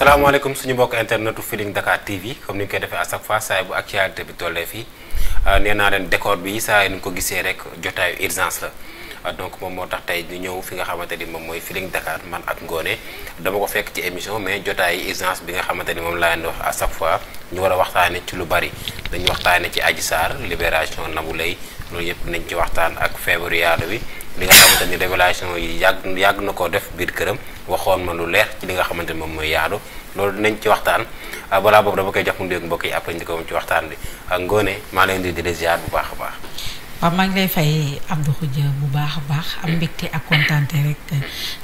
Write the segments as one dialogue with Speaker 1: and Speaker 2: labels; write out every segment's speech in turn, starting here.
Speaker 1: salaamaaleykum
Speaker 2: suñu mbokk internetu Feeling Dakar TV comme ni ñu koy defee à chaque fois saa bu actualité bi tollee fii ah, nee naa leen décor bi saa nu ñu ko gisee rek jotaayu urgence la. Ah, donc moom moo tax tey ñu ñëw fi nga xamante ni moom mooy Feeling Dakar man ak Ngoné dama ko fekk ci émission mais jotaay urgence bi nga xamante ni moom laa leen wax à chaque fois ñu war a waxtaane ci lu bari dañu waxtaane ci Adji Sarr libération Nabou Leye loolu yëpp nañ ci waxtaan ak feebaru yaadu wi li nga xamante ni révélation yi yàgg yàgg na koo def biir këram waxoon ma lu leer ci li nga xamante ni moom mooy yaadu loolu dinañ ci waxtaan ah, balaa boobu dama koy jox mu dégg mbokk yi après ñu ko ci waxtaan bi ak ah, ngoone maa leen di di ziar bu baax a baax.
Speaker 3: waaw maa ngi lay fay Abdou Khoudia bu baax a baax am mbégte ak kontaante rek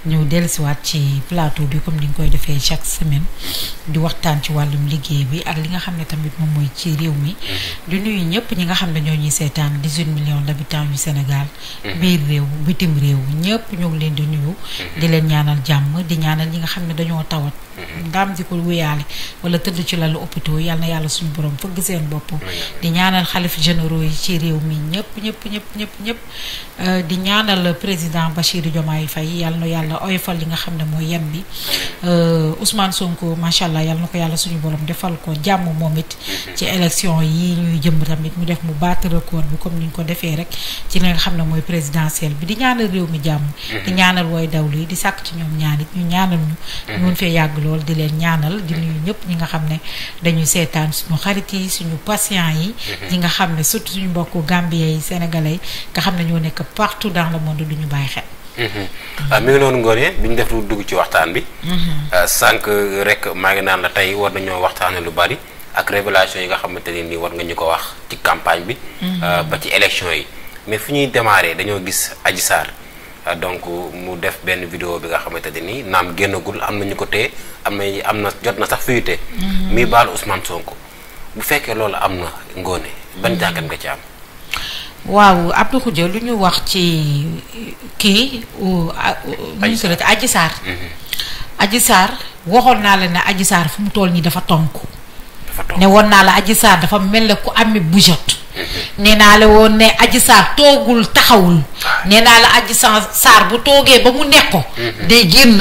Speaker 3: ñëw dellusiwaat ci plateau bi comme ni nga koy defee chaque semaine di waxtaan ci wàllum liggéey bi ak li nga xam ne tamit moom muy ci réew mi mm-hmm. di nuyu ñëpp ñi nga xam ne ñoo ñuy seetaan dix-huit millions d'habitants yu Sénégal mm-hmm. biir réew bitim réew ñëpp ñoo ngi leen di nuyu mm-hmm. di leen ñaanal jàmm di ñaanal ñi nga xam ne dañoo tawat ndaam di ko wuyaale wala tëdd ci lalu hôpitaux yal na yàlla suñu borom fëgg seen bopp di ñaanal xalif généraux yi ci réew mi ñëpp ñëpp ñëpp ñëpp ñëpp euh, di ñaanal président Bassirou Diomaye Faye yal na yàlla oyofal li nga xam ne mooy yem bi euh, Ousmane Sonko macha allah yal na ko yàlla suñu borom defal ko jàmm moom it ci élection yi ñuy jëm tamit mu def mu battre record bi comme ni ñu ko defee rek ci li xam ne mooy présidentielle bi di ñaanal réew mi jàmm di ñaanal wooy dawlu yi di sàkk ci ñoom ñaanit ñu ñaanal ñu ñu fee yàgg lool di leen ñaanal di mm-hmm. nuyu ñëpp ñi nga xam ne dañuy seetaan suñu xarit yi suñu patient yi mm-hmm. ñi nga xam ne surtout suñu mbokku gambien yi sénégalais nga xam ne ñoo nekk partout dans le monde duñu bàyyi xel
Speaker 4: mm-hmm. ah, mi ngi noonu
Speaker 2: ngoonee bi ñu def lu dugg ci waxtaan bi ah, sànq rek maa ngi naan la tey war nañoo waxtaane lu bari ak révélation yi nga xamante ne ni war nga ñu ko wax ci campagne bi ah, ba ci élection yi mais fu ñuy démarrer dañoo gis Adji Sarr donc mu def benn vidéo bi nga xamante ne nii naam génnagul am na ñu ko téye am na am jot na sax fiyute. Mm-hmm. mi baal Ousmane Sonko bu fekkee loolu am na ngoone ban mm-hmm. jàngat nga ci am.
Speaker 3: waaw Abdou Khoudia lu ñu wax ci kii. Mm-hmm. Adji Sarr waxoon naa la ne Adji Sarr fu mu toll nii dafa tonk. dafa ne woon naa la Adji Sarr dafa mel ne ku amee bougeotte. nee naa la woon ne Adji Sarr toogul taxawul nee naa la Adji Sarr bu toogee ba mu nekk ko mm-hmm. day génn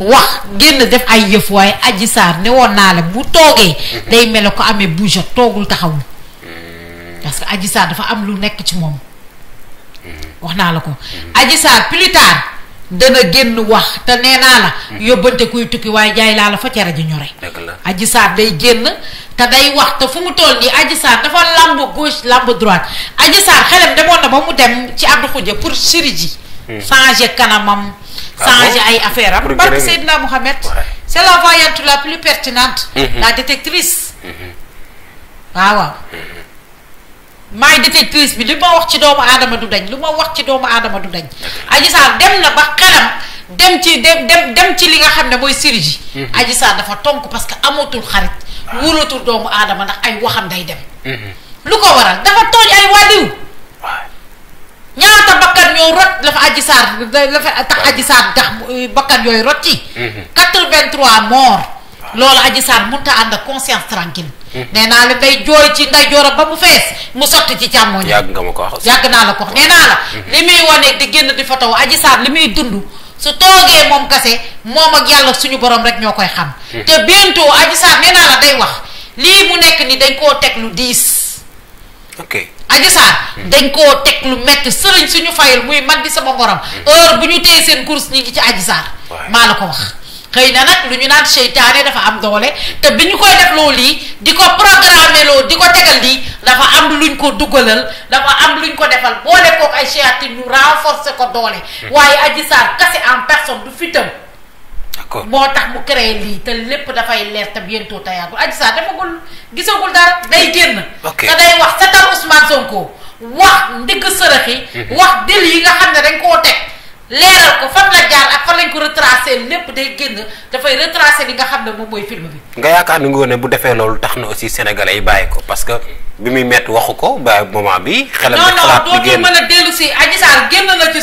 Speaker 3: wax génn def ay yëf waaye Adji ne woon naa la bu toogee mm-hmm. day mel ko amee bouge toogul taxawul mm-hmm. parce que Adji Sarr dafa am lu nekk ci moom wax naa la ko Adji Sarr plus tard dana génn wax te nee naa la yóbbante kuy tukki waaye jaay laa la fa cere ji ñore Adji Sarr day génn te day wax te fu mu toll nii Adji Sarr dafa lamb gauche lamb droite Adji Sarr xelam demoon na ba mu dem ci Abdou Khoudia pour chirurgie. Hmm. changer kanamam. Ah changer ay affaire am. barke Seydina Mohamed. c'est la voyante la plus pertinente. Hmm. la détectrice. Hmm. Ah waaw maay détectrice bi li ma wax ci doomu aadama du dañ lu ma wax ci doomu adama du dañ. Adji Sarr dem na ba xelam dem ci dem dem ci li nga xam ne mooy chirurgie. Adji Sarr dafa tonk parce que amatul xarit. wóolatul doomu aadama ndax ay waxam day dem. Mhm. lu ko waral dafa tooñ ay wàlliw. ñaata bakkan ñoo rot la fa aji saar la fa tax aji saar euh, bakkan yooyu rot ci. 83 mhm. morts. loolu aji saar mënut a ànd ak conscience tranquille mhm. nee naa la day jooy ci nday joora ba mu fees mu sotti ci càmmoñ. yàgg
Speaker 2: nga ma ko wax yàgg naa la ko wax nee la. li muy
Speaker 3: wane di génn di foto aji saar li muy dund. su toogee moom kase moom ak yàlla suñu borom rek ñoo koy xam. Hmm. te bientôt Adji Sarr nee naa la day wax lii mu nekk ni dañ koo teg lu diis. ok Adji hmm. dañ koo teg lu métti sëriñ suñu fayal muy man di sama borom. Hmm. heure bu ñu téye seen course ñi ngi ci Adji maa la ko wax. xëy na nag lu ñu naan seytaane dafa am doole te bi ñu koy def loo lii di ko programmer loo di ko tegal lii dafa am luñ ko dugalal dafa am luñ ko defal boole kook ay seytaane ñu renforcer ko doole. Hmm. waaye Adji Sarr kase en personne du fitam d'accord moo tax mu créé lii te lépp dafay leer te bientôt te yàggul Adji ko defagul gisagul dara day génn. ok te day wax setal Ousmane Sonko wax ndigg sërëx yi. Hmm. wax dil yi nga xam ne dañ koo teg. leeral ko fan la jaar ak fan lañ ko retracé lépp day génn dafay retracé li nga xam ne moom mooy film bi.
Speaker 2: nga yaakaar ni nga ne bu defee loolu tax na aussi sénégalais yi bàyyi ko parce que bi muy métti waxu ko ba moment
Speaker 4: bi. xelam na xalaat bi génn non non dootul mën a
Speaker 3: dellu si Adji Sarr génn na bi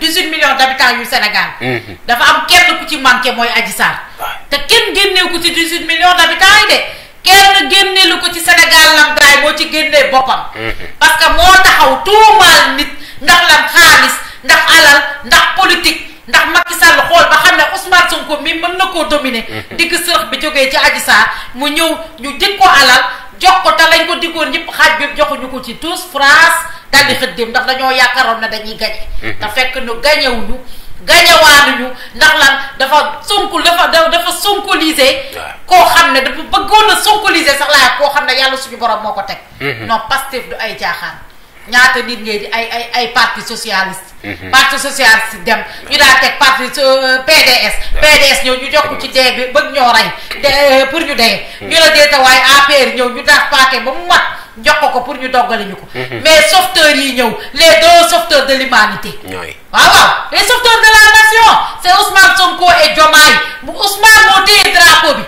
Speaker 3: bi 18 millions d'habitants yu Sénégal. Mhm. dafa am kenn ku ci manqué mooy Adji Sarr. te kenn génneeku ko ci 18 millions d'habitants yi de kenn génneelu ko ci Sénégal lam daay moo ci génnee boppam. Mhm. parce moo taxaw tuumaal nit ndax lan xaalis. ndax alal ndax politique ndax Macky Sall xool ba xam ne Ousmane Sonko mi mën na koo dominer. digg sërëx bi jógee ci Adji Sarr mu ñëw ñu jël ko alal jox ko te lañ ko diggoon ñëpp xaaj bi joxuñu ko ci tous France daal di xëddéem ndax dañoo yaakaaroon ne dañuy gañe te fekk nu gañewuñu gañewaanuñu ndax lan dafa sonkul dafa dafa sonkulisé. koo xam ne dafa bëggoon a sonkulisé sax laa koo xam ne yàlla suñu borom moo ko teg. non Pastef du ay jaaxaan. ñaata nit ngay di ay ay ay parti socialiste. Mhm. parti socialiste dem ñu daa teg parti euh, PDS. PDS ñëw ñu jokk ci dee bi bëgg ñoo rey. Euh, pour ñu dee. Mhm. ñu la dee ta waaye APR ñëw ñu daaf paake ba mu mat jox ko ko pour ñu doggale ñu ko. Mhm. mais sauveteurs yi ñëw les deux de l'humanité
Speaker 4: humanité. waaw
Speaker 3: waaw les sauveteurs de la nation c'est Ousmane Sonko et Diomaye bu Ousmane moo drapeau bi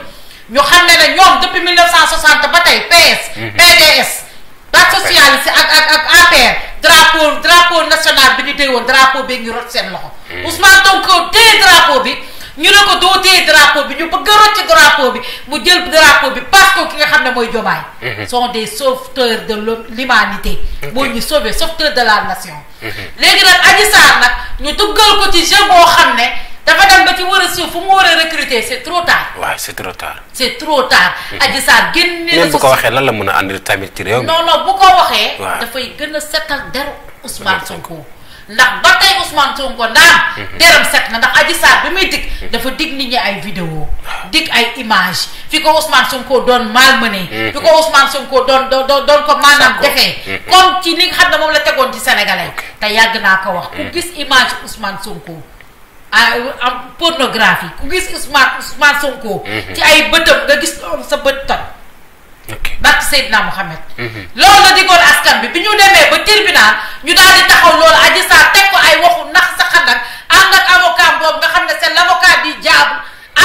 Speaker 3: ñu xam ne ne ñoom depuis 1960 ba tey PS. PDS. parti socialiste ak ak ak APR drapeau drapeau national bi ñu téye woon drapeau bee ngi rot seen loxo hmm. Ousmane Sonko téye drapeau bi ñu ne ko doo téye drapeau bi ñu bëgg a rocc drapeau bi mu jël drapeau bi parce que ki nga xam ne mooy Diomaye mhm. son des sauveteurs de l'humanité moo ñu sauver sauveteurs de la nation mhm. léegi nag Adji Sarr nag ñu duggal ko ci jeu boo xam ne dafa dem ba ci war a suuf fu mu war a recruter c'est trop tard
Speaker 2: waaw c'est trop tard
Speaker 3: c'est trop tard mhm. Adji génne bu ko waxee
Speaker 2: lan la mën a ànd tamit ci réew mi non
Speaker 3: bu ko waxee dafay gën a setal deru Ousmane Sonko ndax ba tey Ousmane Sonko ndaam mhm. deram set na ndax Adji bi muy dig mhm. dafa dig nit ñi ay vidéo dig ay image fi ko Ousmane Sonko doon malmené mhm. fi ko Ousmane Sonko doon doon ko maanaam defee comme ci li xam ne moom la tegoon ci sénégalais te yàgg naa ko wax ku gis image Ousmane Sonko ah pornographie ku gis Ousmane Ousmane Sonko ci ay bëtam nga gis sa bët tam barke Seydina Mohamed. Mhm. loolu la digoon askan bi bi ñu demee ba tribunal ñu daal taxaw loolu Adji teg ko ay waxu ndax sa xandak ànd ak avocat boobu nga xam ne seen avocat di jaabu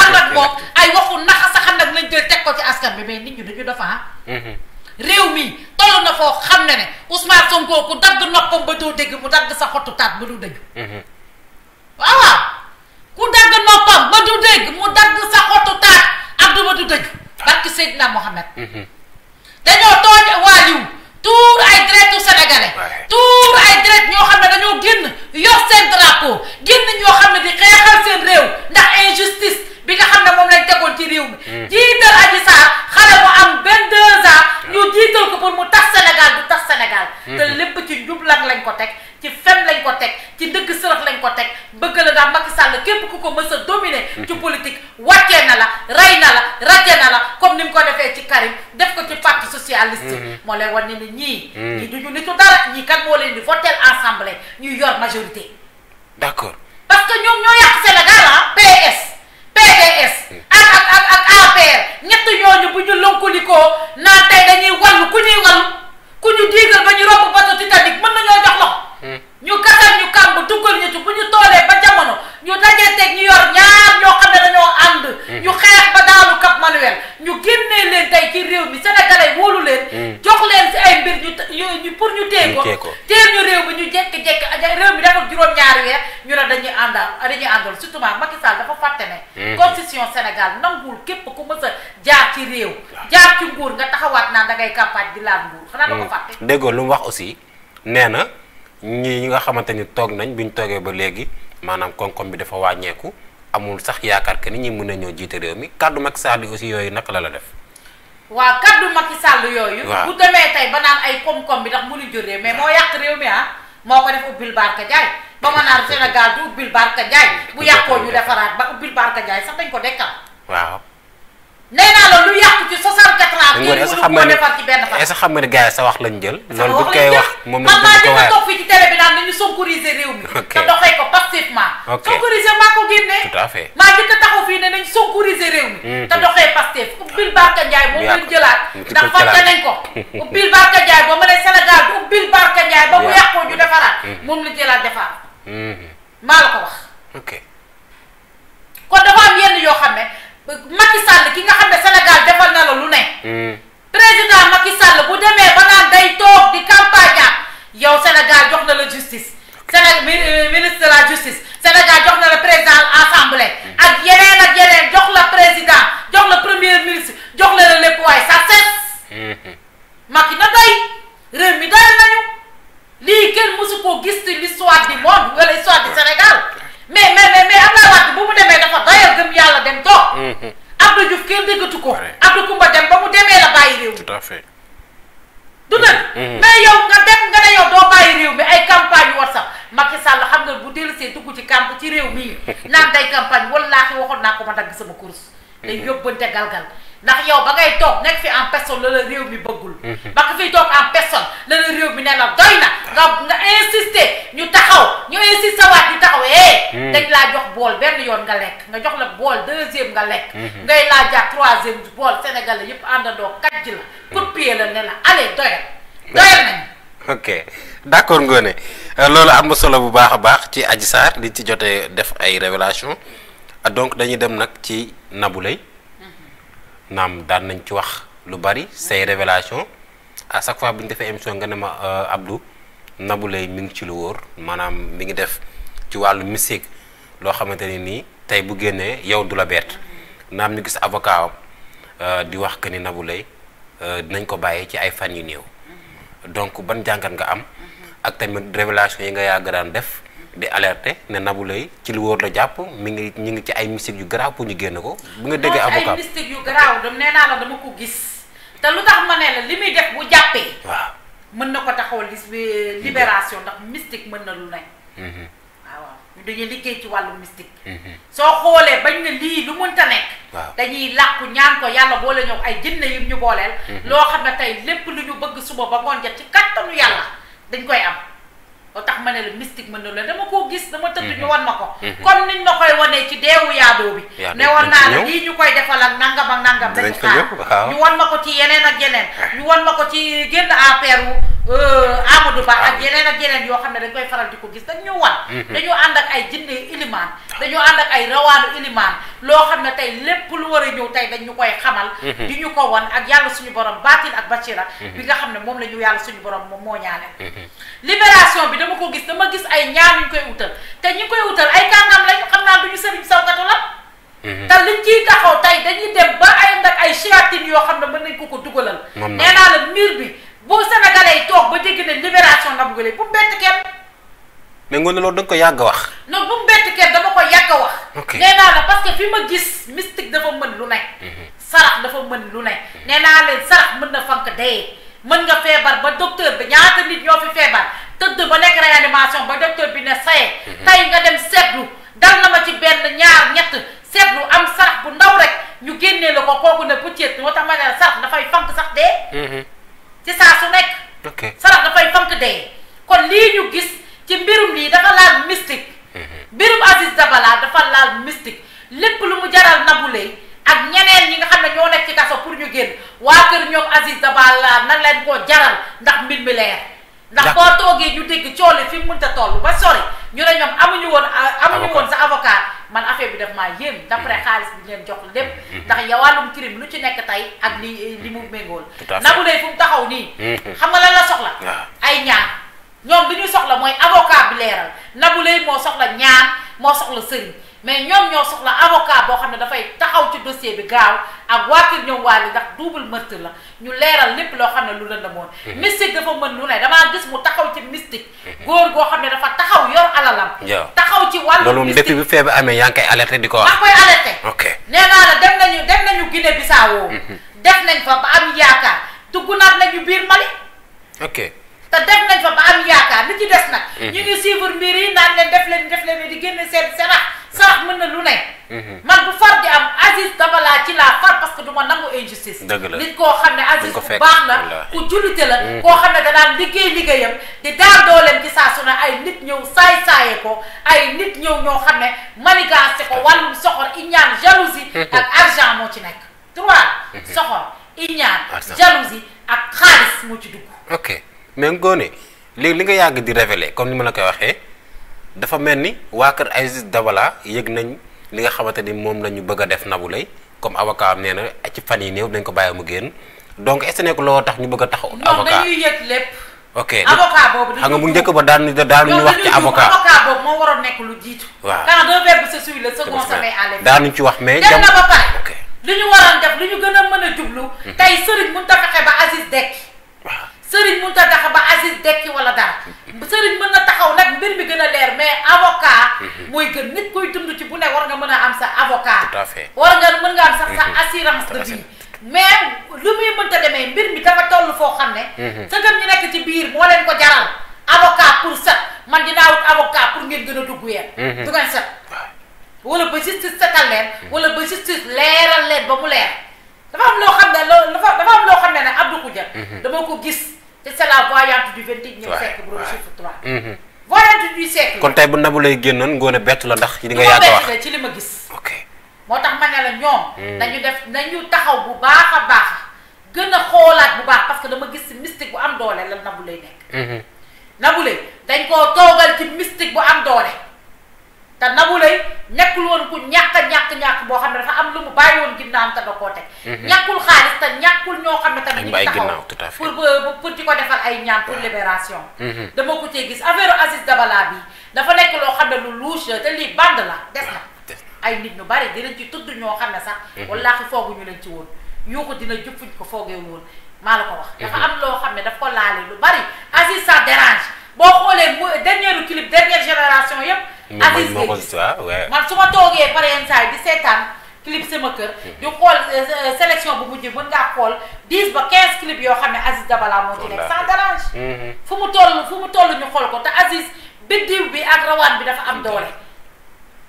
Speaker 3: ànd ak moom ay waxu ndax sa xandak lañ jël teg ko ci askan bi mais nit ñi dañu dafa ah. mhm. réew mi toll na foo xam ne ne Ousmane Sonko ku dagg noppam ba doo dégg mu dagg sa xottu taat ba du dëgg. Mhm. waaw waaw ku dagg noppam ba du dégg mu dagg sa xottu taat ak du ba du dëgg barki dañoo tooñ waajiw tuur ay deretu sénégalais tuur ay deret ñoo xam ne dañoo génn yor seen drapeau génn ñoo xam ne di xeexal seen réew ndax injustice bi nga xam ne moom lañ tegoon ci réew mi hmm. jiital Adji xale bu am vingt-deux ans hmm. ñu jiital ko pour mu tax Sénégal du tax Sénégal hmm. te lépp ci njublan lañ ko teg ci fen lañ ko teg ci dëgg sërëx lañ ko teg bëgg la daal Macky Sall képp ku ko mës a ci mhm. politique wàccee na la rey na la raje na la comme ni mu ko defee ci Karim def ko ci parti socialiste. Mhm. moo lay wan ne ni ñii. Mhm. ñii du ñu nitu dara ñii kan moo leen di voté assemblée ñuy yor majorité. d' accord parce que ñoom ñoo yàq Sénégal ah PS. PDS ak ak ak ak ñett ñooñu bu ñu lonkulikoo naan tey dañuy wàllu ku ñuy wàllu ku ñu diigal ba ñu romb bato Titanic mën nañoo jox ñu kasal ñu kàmb duggal ñu ci bu ñu toolee ba jamono ñu dajee teg ñu yor ñaar ñoo xam ne dañoo ànd. Mm-hmm. ñu xeex ba daanu Cap Manuel ñu génnee weer ñu ne dañuy àndal dañuy àndal surtout Macky dafa fàtte ne. Mm-hmm. constitution Sénégal nanguwul képp ku mës a jaar ci réew. jaar ci nguur nga taxawaat naan dangay campagne di laal nguur. xanaa da ko mm-hmm. fàtte.
Speaker 2: déggoo lu mu wax aussi nee na ñii ñi nga xamante ni toog nañ bi ñu toogee ba léegi maanaam koom-koom bi dafa wàññeeku amul sax yaakaar que ni ñi mën nañoo jiite réew mi kàddu Macky Sall yooyu naka la la def.
Speaker 3: waaw kàddu Macky Sall yooyu. bu demee tey ba naan ay koom-koom bi ndax mënuñ jël réew mais moo yàq réew mi ah moo ko def ubbil barka jaay ba ma naan Sénégal du ubbil barka jaay bu yàqoo defaraat ba ubbil barka jaay sax dañ ko dekkal. nguur
Speaker 2: est-ce lañ jël. loolu bu koy moom lañ ci hmm.
Speaker 3: ah. defaat. Hmm. Hmm. maa la ko wax. ok kon dafa am yenn yoo xam ne Macky Sall ki nga xam ne Sénégal la lu ne. Hmm. président Macky Sall bu demee ba naan day toog di campagne yow Sénégal jox na la justice. Sénégal euh, ministre la justice jox na la président assemblée. Hmm. ak yeneen ak jox la président jox la premier ministre jox la la lépp waaye ça cesse. Hmm. Macky na doy réew mi doy nañu lii kenn mësu koo gis ci l'histoire du monde wala mais mais mais mais Abdoulaye Wade bu mu demee dafa dayal gëm yàlla dem toog. Mhm. Abdou Diouf kenn déggatu ko. Abdou Koumba dem ba mu demee la bàyyi réew mi.
Speaker 2: tout à fait. du nag. Mhm. Mhm.
Speaker 3: nga dem nga ne yow doo bàyyi réew mi ay campagne yu WhatsApp Macky Sall xam nga bu dellusee dugg ci camp ci réew mii naan day campagne wallaahi waxoon naa ko ma dagg sama course. day yóbbante galgal ndax yow ba ngay toog nekk fi en personne la la réew mi bëggul. ba ko fiy toog en personne la réew mi ne nga nga insister ñu taxaw ñu insister waat ñu taxaw eh. dañ laa jox bool benn yoon nga lekk nga jox la bool deuxième nga lekk. Hmm. ngay laajaat troisième bool sénégalais yëpp àndandoo kàjj la. pour pied la ne la allez doyal. doyal nañu.
Speaker 2: ok d' accord euh, loolu am na solo bu baax a baax ci Adji Sarr li ci jotee def ay révélation ah, donc dañuy dem nag ci Nabou Leye mm-hmm. naam daan nañ ci wax lu bari say révélation à chaque fois bu ñu defee émission nga ne ma euh, Abdou Nabou Leye mi ngi ci lu wóor maanaam mi ngi def ci wàllu mystique loo xamante ni nii tey bu génnee yow du la bett naam ñu gis avocat am euh, di wax que ni Nabou Leye euh, dinañ ko bàyyi ci ay fan yu néew donc ban jàngat nga am ak tamit révélation yi nga yàgg daan def di alerte ne Nabou Leye ci lu wóor la jàpp mi ngi ñu ngi ci ay mystique yu garaaw pour ñu génn ko bu nga déggee avocat ay
Speaker 3: dama ko gis te lu tax ma ne la li muy def bu jàppee waaw mën na ko taxaw li euh, libération ndax mystique mën na lu ne. Mhm. Ah, waaw waaw dañuy liggéey ci wàllu mystique. Mhm. soo xoolee bañ na lii lu mënta nekk. waaw dañuy làqu ñaan ko yàlla boole ñëw ay jinne yim ñu booleel. Mhm. loo xam ne tey lépp lu ñu bëgg suba ba ngoon jot ci kattanu yàlla dañ koy am. tax ma ne la mystique mën na la dama koo gis dama tëdd mhm. ñu wan ma ko mhm. comme niñ ma koy wanee ci deewu yaadoo bi ne wan naa la lii ñu koy defal ak nangam ak nangam dañu
Speaker 4: xaar ñu
Speaker 3: wan ma ko ci yeneen ak yeneen ah. ñu wan ma ko ci génn affaire wu Euh, Amadou Ba ak yeneen ak yeneen yoo xam ne dañ koy faral di ko gis dañ ñu wan. Mhm. dañoo ànd ak ay jinne ilimaan dañoo ànd ak ay rawaanu ilimaan loo xam ne tey lépp lu war a ñëw tey dañ ñu koy xamal. Mhm. di ñu ko wan ak yàlla suñu borom baatin ak bachira mhm. bi nga xam ne moom la ñu yàlla suñu borom moom moo ñaanal. libération bi dama ko gis dama gis ay ñaan ñu koy utal te ñi koy utal ay kàngam lañu xam naa du ñu sëriñ sawkatu la. te liñ ciy taxaw tey dañu dem ba ay ay chiatine yoo xam ne mën nañ ko ko dugalal. nee naa miir bi boo sénégalais yi toog ba dégg ne libération Nabou Guèye bu mu bett kenn.
Speaker 2: mais ngoon na loolu da ko yàgg wax.
Speaker 3: non bu mu bett kenn dama ko yàgg wax. ok naa la parce que fi ma gis mystique dafa mën lu ne. Mhm. sarax dafa mën lu ne. Mhm. nee naa leen sarax mën na fank de mën nga feebar ba docteur bi ñaata nit ñoo tëdd ba nekk réanimation ba docteur bi ne saye mhm. tey nga dem seetlu dal na ma ci benn ñaar ñett seetlu am sarax bu ndaw rek ñu génnee la ko kooku ne peut-être moo tax ne sarax dafay fank sax
Speaker 4: de
Speaker 3: ci saa su nekk. ok sarax dafay fank dee. kon lii ñu gis ci mbirum lii dafa laal mystique. Mhm. mbirum Aziz Dabala dafa laal mystique lépp lu mu jaral Nabou ak ñeneen ñi nga xam ne ñoo nekk ci kaso pour ñu génn waa kër ñoom Aziz Dabala nan leen koo jaral ndax mbir mi leer. ndax boo toogee ñu dégg coole fi mu mënta toll ba sori ñu ne ñoom amuñu woon. amuñu woon sa avocat. man affaire bi daf maa yéem mm-hmm. d'après xaalis bi ñu jox lépp mm-hmm. ndax yow wàllum crime lu ci nekk tey ak li li mu méngool Nabou Leye fu mu taxaw nii mm-hmm. xam nga lan la soxla ay ñaan ñoom li ñu soxla mooy avocat bi leeral Nabou Leye moo soxla ñaan moo soxla sëriñ mais ñoom ñoo soxla avocat boo xam ne dafay taxaw ci dossier bi gaaw ak waa kër ñoom waale ndax double meurtre la ñu leeral lépp loo xam ne lu lëndëmoon mhm. mystique dafa mën lu ne damaa gis mu taxaw ci mystique góor goo xam ne dafa taxaw yor alalam taxaw ci wàllu loolu
Speaker 2: bi feebar amee yaa ngi koy di ko wax maa
Speaker 3: koy alerté dem nañu dem nañu Guinée Bissau mhm. def nañ fa ba am yaakaar dugg naat nañu biir Mali te def nañ fa ba am yaakaar li ci des nag. Mhm. ñu ngi suivre mbir naan leen def leen def leen di génne seen sarax sarax mën na lu ne. Mhm. man bu far di am Aziz Dabala ci laa far parce que du ma nangu injustice. dëgg la nit koo xam ne Aziz ku baax la ku jullite la. Mhm. koo xam ne danaan liggéey liggéeyam di daar dooleem ci saa su ne ay nit ñëw saay saaye ko ay nit ñëw ñoo xam ne manigancé ko wàllum soxor iñaan jalousie. ak argent moo ci nekk. trois soxor iñaan jalousie ak xaalis moo ci
Speaker 2: mais Ngoné léegi li nga yàgg di révéler comme ni ma la koy waxee dafa mel ni waa kër Aziz Dabala yëg nañ li nga xamante ni moom la ñu bëgg a def Nabou Leye comme avocat am nee na ci fan yi néew dañ ko bàyyi mu génn donc est-ce que loo tax ñu bëgg a taxaw. avocat boobu mu njëkk ba daan daanuñu wax ci avocat
Speaker 3: avocat moo waroon nekk lu jiitu. waaw quand
Speaker 2: ci wax mais. jam na ba
Speaker 3: pare li ñu waroon def li ñu gën a jublu. Mhm. tey sëriñ bu ñu fexe ba Aziz dekk sëriñ mënut a tax ba Aziz dekki wala dara sëriñ mën na taxaw nag mbir mi gën a leer mais avocat mhm. mooy gën nit koy dund ci bu ne war nga mën a am sa avocat tout à fait war nga mën nga am sax sa mhm. assurance sa vie mais lu muy mënta demee mbir mi dafa toll foo xam ne mhm. sa gëm ñu nekk ci biir moo leen ko jaral avocat pour set man dinaa wut avocat pour ngeen gën a dugg yeen du set wala ba justice setal leen wala ba justice leeral leen ba mu leer dafa am loo xam ne loo dafa dafa am loo xam ne nag Abdou Koudia. Mhm. dama ko gis te c'est la voyante du vingt-et-unième siècle. waaw waaw voyante du siècle. kon tey bu nabu lay
Speaker 2: génnoon ngoone bett la ndax. li nga yaakaar
Speaker 3: ci li ma gis. ok moo tax ma ne la ñoom. Mhm. nañu def nañu taxaw bu baax a baax gën a xoolaat bu baax parce que dama gis mystique bu am doole la nabu lay nekk. Mhm. nabu lay dañ koo toogal ci mystique bu am doole. te Nabou Leye nekkul woon ku ñàkk a ñàkk-ñàkk boo xam ne dafa am lu mu bàyyi woon ginnaawam te da koo teg mhm. ñàkkul xaalis te ñàkkul ñoo xam ne tamit ñu ngi taxaw
Speaker 4: euh, pour
Speaker 3: pour di ko defal ay ñaan pour mhm. dama ko cee gis affaire Aziz Dabala bi dafa nekk loo xam ne lu louche te lii bande la ay nit ñu bari dinañ ci tudd ñoo xam ne sax mhm. wallaahi fooguñu leen ci woon yoo dina jub fuñ ko foogee woon maa la ko wax dafa am loo xam ne daf ko laale lu bari Aziz ça dérange boo xoolee bu dernier clip dernière génération yëpp. Aziz nga gis su ma toogee pare yenn saa yi di seetaan clip sama kër. Mhm. di xool euh, euh, sélection bu mujj mën ngaa xool 10 ba 15 clip yoo xam ne Aziz Dabala moo ci nekk sans dérange. Mhm. fu mu toll fu mu toll ñu xool ko te Aziz biddiw bi ak rawaan bi dafa am doole.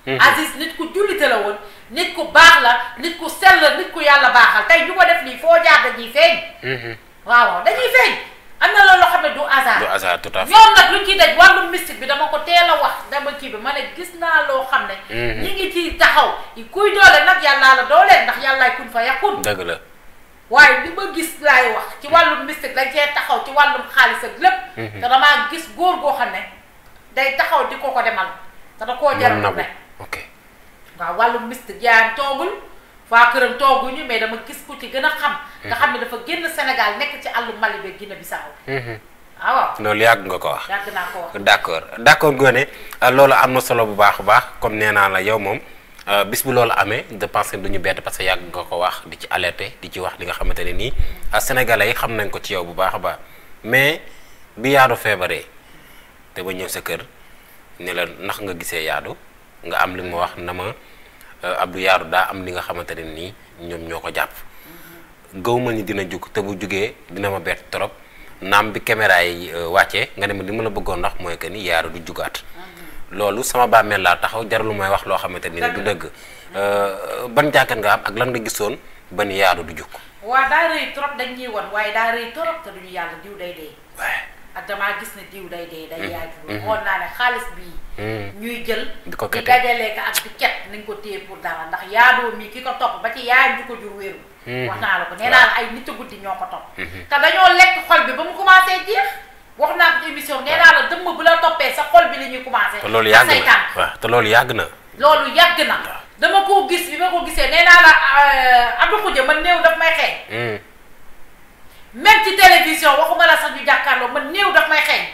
Speaker 3: Mhm. Aziz nit ku jullite la woon nit ku baax la nit ku sell la nit ku yàlla baaxal tey ñu ko def nii foo jaar dañuy
Speaker 4: feeñ.
Speaker 3: waaw dañuy feeñ. am na loolu loo xam ne du hasard. du hasard
Speaker 2: tout à nag lu
Speaker 3: ciy daj wàllu mystique bi dama ko teel a wax dama kii bi ma ne gis naa loo xam ne. Mhm. ñi ngi ciy taxaw kuy doole nag yàllaa la dooleel ndax yàllaay kun fa yakun. dëgg la waaye li ma gis laay wax ci wàllum mystique dañ cee taxaw ci wàllum xaalis ak lépp. Mhm. te damaa gis góor goo xam ne day taxaw di ko ko demal. te da koo jar ne ok. waaw wàllum mystique yaa toogul. waa këram tooguñu mais dama gis ku ci gën a xam. nga mhm. xam ne dafa génn Sénégal nekk ci àllu Mali beeg Guinée Bissau. Mhm. Ah,
Speaker 2: loolu yàgg nga ko wax.
Speaker 3: yàgg naa ko d'
Speaker 2: accord d' accord Ngoné ah, loolu am na solo bu baax a baax comme nee naa la yow moom. Ah, bis bu loolu amee de pense du ñu bett parce que yàgg nga ko wax di ci alerté di ci wax li nga xamante ne nii sénégalais yi xam nañ ko ci yow bu baax a baax mais bi yaadu feebaree te ba ñëw sa kër ne la ndax nga gisee yaadu nga am li mu wax na ma Euh, Abdou Yaaru daa am li nga xamante ne nii ñoom ñoo ko jàpp gaw ma ni dina jukk te bu jugee dina ma bett trop naam bi caméra yi euh, wàccee nga ne ma li ma la bëggoon wax mooy que ni yaaru du jugaat loolu sama bàmmeel laa taxaw jaralu may wax loo xamante ni du dëgg euh, ban jàkkat nga am ak lan nga gisoon ba ni yaaru du
Speaker 3: jug. waaw daa rëy trop dañ diw day dee. ak damaa gis ne diw day dee day mm-hmm. yaay xool mm-hmm. naa ne xaalis bii mm-hmm. ñuy jël di dajalee ko ak di cet nañ ko téye pour dara ndax yaadoo mi ki ko topp ba ci yaayam di ko jur wéeru wax naa la ko nee naa la ay nit a guddi ñoo ko topp te dañoo lekk xol bi ba mu commencé jeex wax naa ko émission nee la dëmm bu la toppee sa xol bi la ñuy commencé
Speaker 2: te loolu yàgg na
Speaker 3: loolu yàgg na dama koo gis bi ma ko gisee nee naa la euh, Abdou Khoudia man néew daf may xeeñ même ci télévision waxuma la sax ñu jàkkaarloo man new daf may xeeñ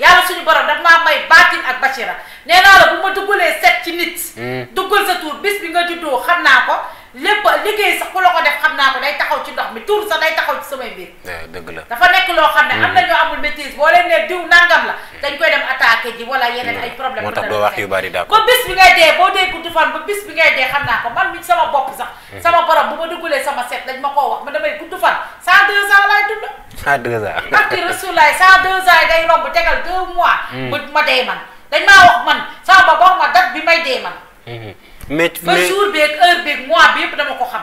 Speaker 3: yàlla suñu borom daf maa may baatin ak bachira nee naa la bu ma duggalee set ci nit. Hmm. duggal sa tuur bis bi nga juddoo xam naa ko lépp liggéey ko def xam naa ko day taxaw ci ndox mi tuur sax day taxaw ci samay biir.
Speaker 2: Eh, dëgg la dafa
Speaker 3: nekk loo xam na hmm. ñoo amul boo leen nee diw nangam hmm. dañ koy dem attaqué ji wala yeneen ay problème moo tax doo wax
Speaker 2: yu bari daa ko bis bi ngay
Speaker 3: dee boo dee gudd fan ba bis bi ngay dee xam naa ko man mi sama bopp sax. sama borom bu ma duggalee sama set dañ ma koo wax cent deux ans laay dund.
Speaker 2: cent deux ans barki
Speaker 3: Rasulaay cent deux ans yi day romb tegal deux mois. Hmm. ma dee man dañ maa wax man sama ba wax ma date bi may dee man.
Speaker 2: Hmm. mais ba jour ko xam.